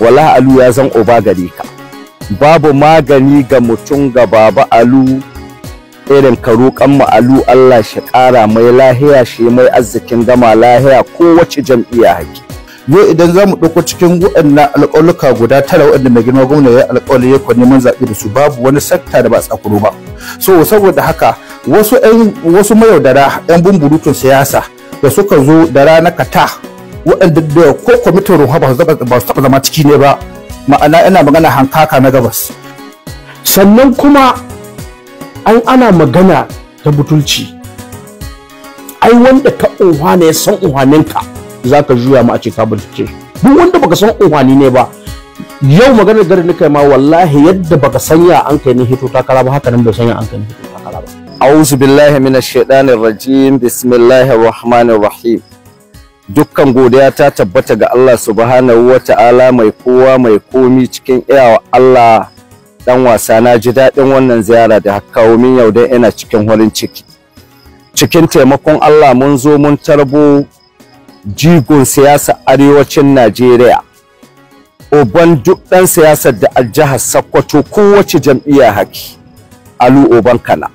wala alu ya zan oba gare ka babu magani ga mutum ga baba alu irin ka roƙan mu alu Allah shi ƙara mai lahiya shi mai arzikin gama lahiya kowace jam'iyya haki yau idan zamu mu ɗauko cikin waɗannan alƙaluka guda tara waɗanda mai girma gwamna ya alƙawari ya kwa neman zaɓe da su babu wani sakta da ba tsakuro ba so saboda haka wasu wasu mayaudara 'yan bumburutun siyasa da suka zo da rana kata waɗanda da ko kwamitin ruwa ba su taɓa zama ciki ne ba ma'ana yana magana hankaka na gabas sannan kuma an ana magana ta butulci ai wanda ka unhane ya san unhaninka za ka juya ma a ce ka bincike duk wanda baka san unhani ne ba yau maganar gari na ma wallahi yadda baka sanya an kai ni hito takara ba haka nan bai sanya an kai ni hito takara ba a'udhu billahi minash shaitanir rajim bismillahir rahmanir rahim dukkan godiya ta tabbata ga Allah subhanahu wa ta'ala mai kowa mai komi cikin iyawa Allah dan wasa na ji daɗin wannan ziyara da kawo min yau dai ina cikin hurin ciki cikin taimakon Allah mun zo mun tarbo jigon siyasa arewacin Najeriya Oban duk dan siyasar da a jihar Sokoto kowace jam'iyya haki Alu Oban Kana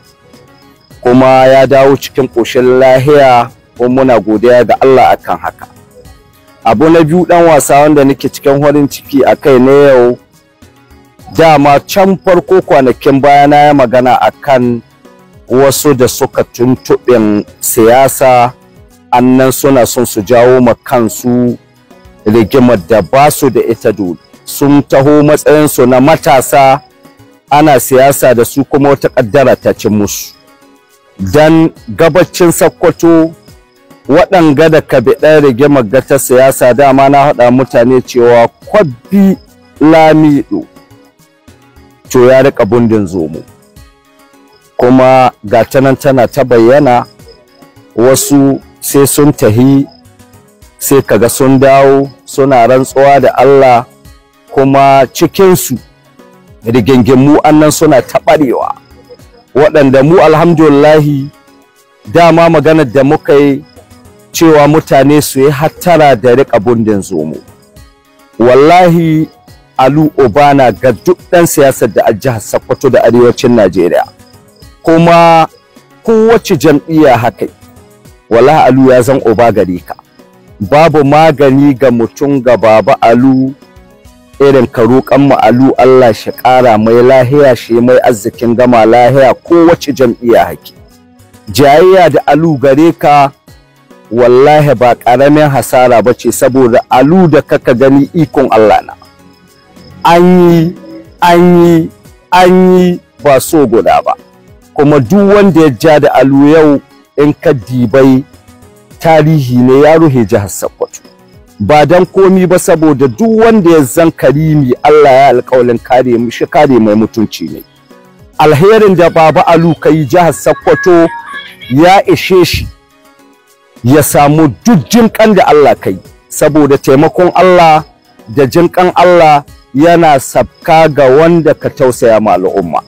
kuma ya dawo cikin koshin lahiya kuma muna godiya ga Allah akan haka abu na biyu dan wasa wanda nake cikin horin ciki a kai na yau dama can farko kwanakin baya na ya magana akan wasu da suka tuntuɓin siyasa annan suna son su jawo ma kansu rigimar da ba su da ita dole sun taho matsayinsu na matasa ana siyasa da su kuma wata ƙaddara ta ci musu Dan gabacin sakkwato waɗanga da kabiɗar rige gata siyasa dama na haɗa mutane cewa kwabbi lamido to ya rika bundin zomo kuma gata nan tana ta bayyana wasu sai sun tahi sai kaga sun dawo suna rantsuwa da Allah kuma cikinsu rigingimu annan suna taɓarewa waɗanda mu alhamdulillahi dama maganar da muka yi cewa mutane su yi hattara da riƙa bundin zomo wallahi alu obana ga duk ɗan siyasar da a jihar sokoto da arewacin najeriya kuma kowace jam'iyya haka wallahi alu ya zan oba gare ka babu magani ga mutum ga baba alu irin ka roƙan mu alu allah shi ƙara mai lahiya shi mai arzikin gama lahiya kowace jam'iyya haki jayayya da alu gare ka wallahi ba ƙaramin hasara ba ce saboda alu da kaka gani ikon Allah na an yi an yi an yi ba so guda ba kuma duk wanda ya ja da alu yau in ka dibai tarihi ne ya ruhe jihar Sokoto ba dan komi ba saboda duk wanda ya zan karimi Allah ya alƙawalin kare shi kare mai mutunci ne alherin da baba alu kai jihar Sokoto ya ishe shi ya samu duk jinƙan da Allah kai saboda taimakon Allah da jinƙan Allah yana sabka ga wanda ka tausaya ma al'umma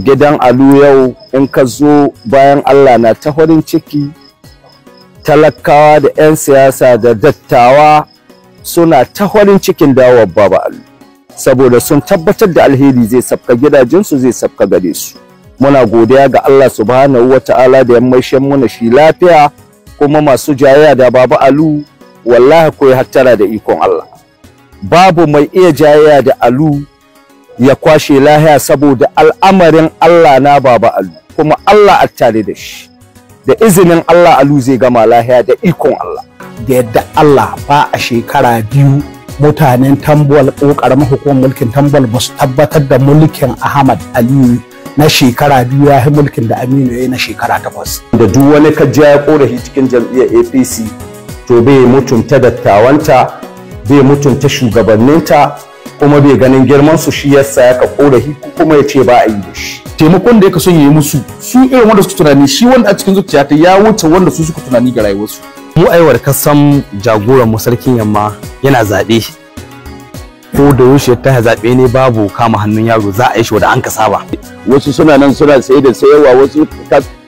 gidan alu yau in ka zo bayan Allah na ta farin ciki talakawa da 'yan siyasa da dattawa suna ta farin cikin dawowar baba alu saboda sun tabbatar da alheri zai sabka gidajensu zai sabka gare su muna godiya ga Allah subhanahu wata'ala da ya maishe muna shi lafiya kuma masu jayayya da Baba Alu wallahi ko hattara da ikon Allah babu mai iya jayayya da Alu ya kwashe lahiya saboda al'amarin Allah na Baba Alu kuma Allah a tare da shi da izinin Allah Alu zai gama lahiya da ikon Allah da yadda Allah ba a shekara biyu mutanen tambal ƙoƙarin hukumar mulkin tambal ba su tabbatar da mulkin Ahmad Aliyu na shekara biyu ya mulkin da aminu ya yi na shekara takwas da duk wani kajiya ya korafi cikin jam'iyyar apc to bai mutunta dattawanta bai mutunta shugabanninta kuma bai ganin girman su shi yasa ya ka korafi kuma ya ce ba a yi da shi taimakon da ya son ya yi musu su irin wanda suka tunani shi wanda a cikin zuciya ta ya wuce wanda su suka tunani ga rayuwarsu mu aiwar kasan jagoran masarkin, yamma yana zaɓe ko da yaushe ta zaɓe ne babu kama hannun yaro za a yi shi da an ka saba wasu suna nan suna sai da sayarwa wasu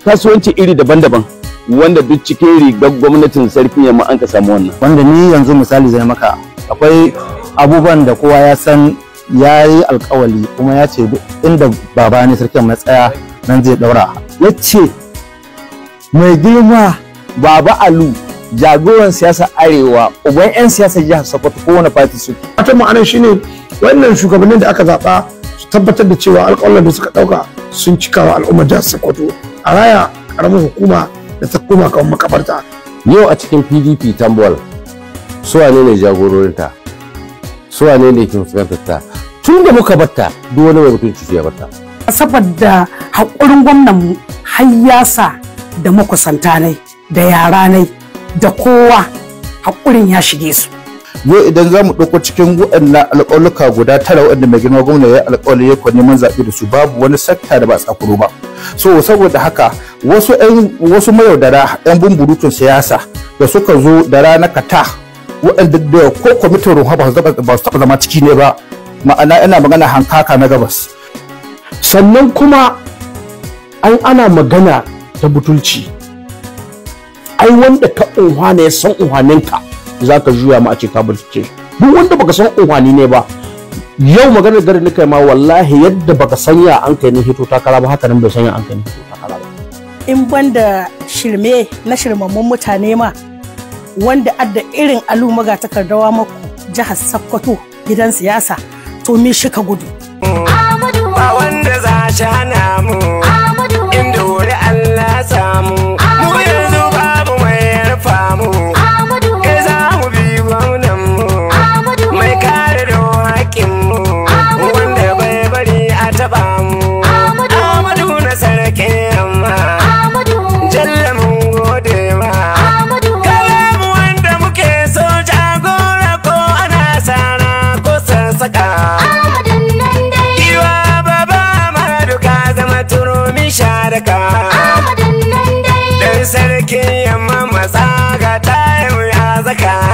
kasuwanci iri daban-daban wanda duk cikin rigar gwamnatin sarki yamma an ka samu wannan wanda ni yanzu misali zai maka akwai abubuwan da kowa ya san ya yi alkawali kuma ya ce inda baba ne sarkin matsaya nan zai ɗaura. ya ce mai girma baba alu jagoran siyasa arewa uban 'yan siyasar jihar sokoto kowane fati su wata ma'anar shine wannan shugabannin da aka zaɓa su tabbatar da cewa alƙawarin da suka ɗauka sun cikawa al'ummar jihar sokoto a raya ƙaramin hukuma da ta koma kamar makabarta yau a cikin pdp tambol su ne ne jagororinta Su wane ne ke fuskantar ta tun da muka batta duk wani mai mutunci ya batta saboda haƙurin gwamnan mu har yasa da makusanta ne da yara ne da kowa haƙurin ya shige su yau idan zamu mu ɗauko cikin waɗannan alƙaluka guda tara waɗanda mai girma gwamna ya alƙawari ya kwa neman zaɓe da su babu wani sakta da ba tsakuro ba so saboda haka wasu ƴan wasu mayaudara ƴan bumburutun siyasa da suka zo da rana kata waɗanda da ko kwamitin Ruha, ba su taɓa zama ciki ne ba ma'ana ina magana hankaka na gabas sannan kuma an ana magana ta butulci ai wanda ka unhwane ya san unhwaninka za ka juya ma a ce ka bincike duk wanda baka san unhwani ne ba yau maganar garin ni kai ma wallahi yadda baka sanya an kai ni hito takara ba haka nan bai sanya an kai ni hito takara ba in banda shirme na shirmammun mutane ma wanda adda irin alu ga takardawa maku jihar Sokoto gidan siyasa to me shi ka gudu a wanda za shana barka dan sarki yamma matsa ga tayin ya zaka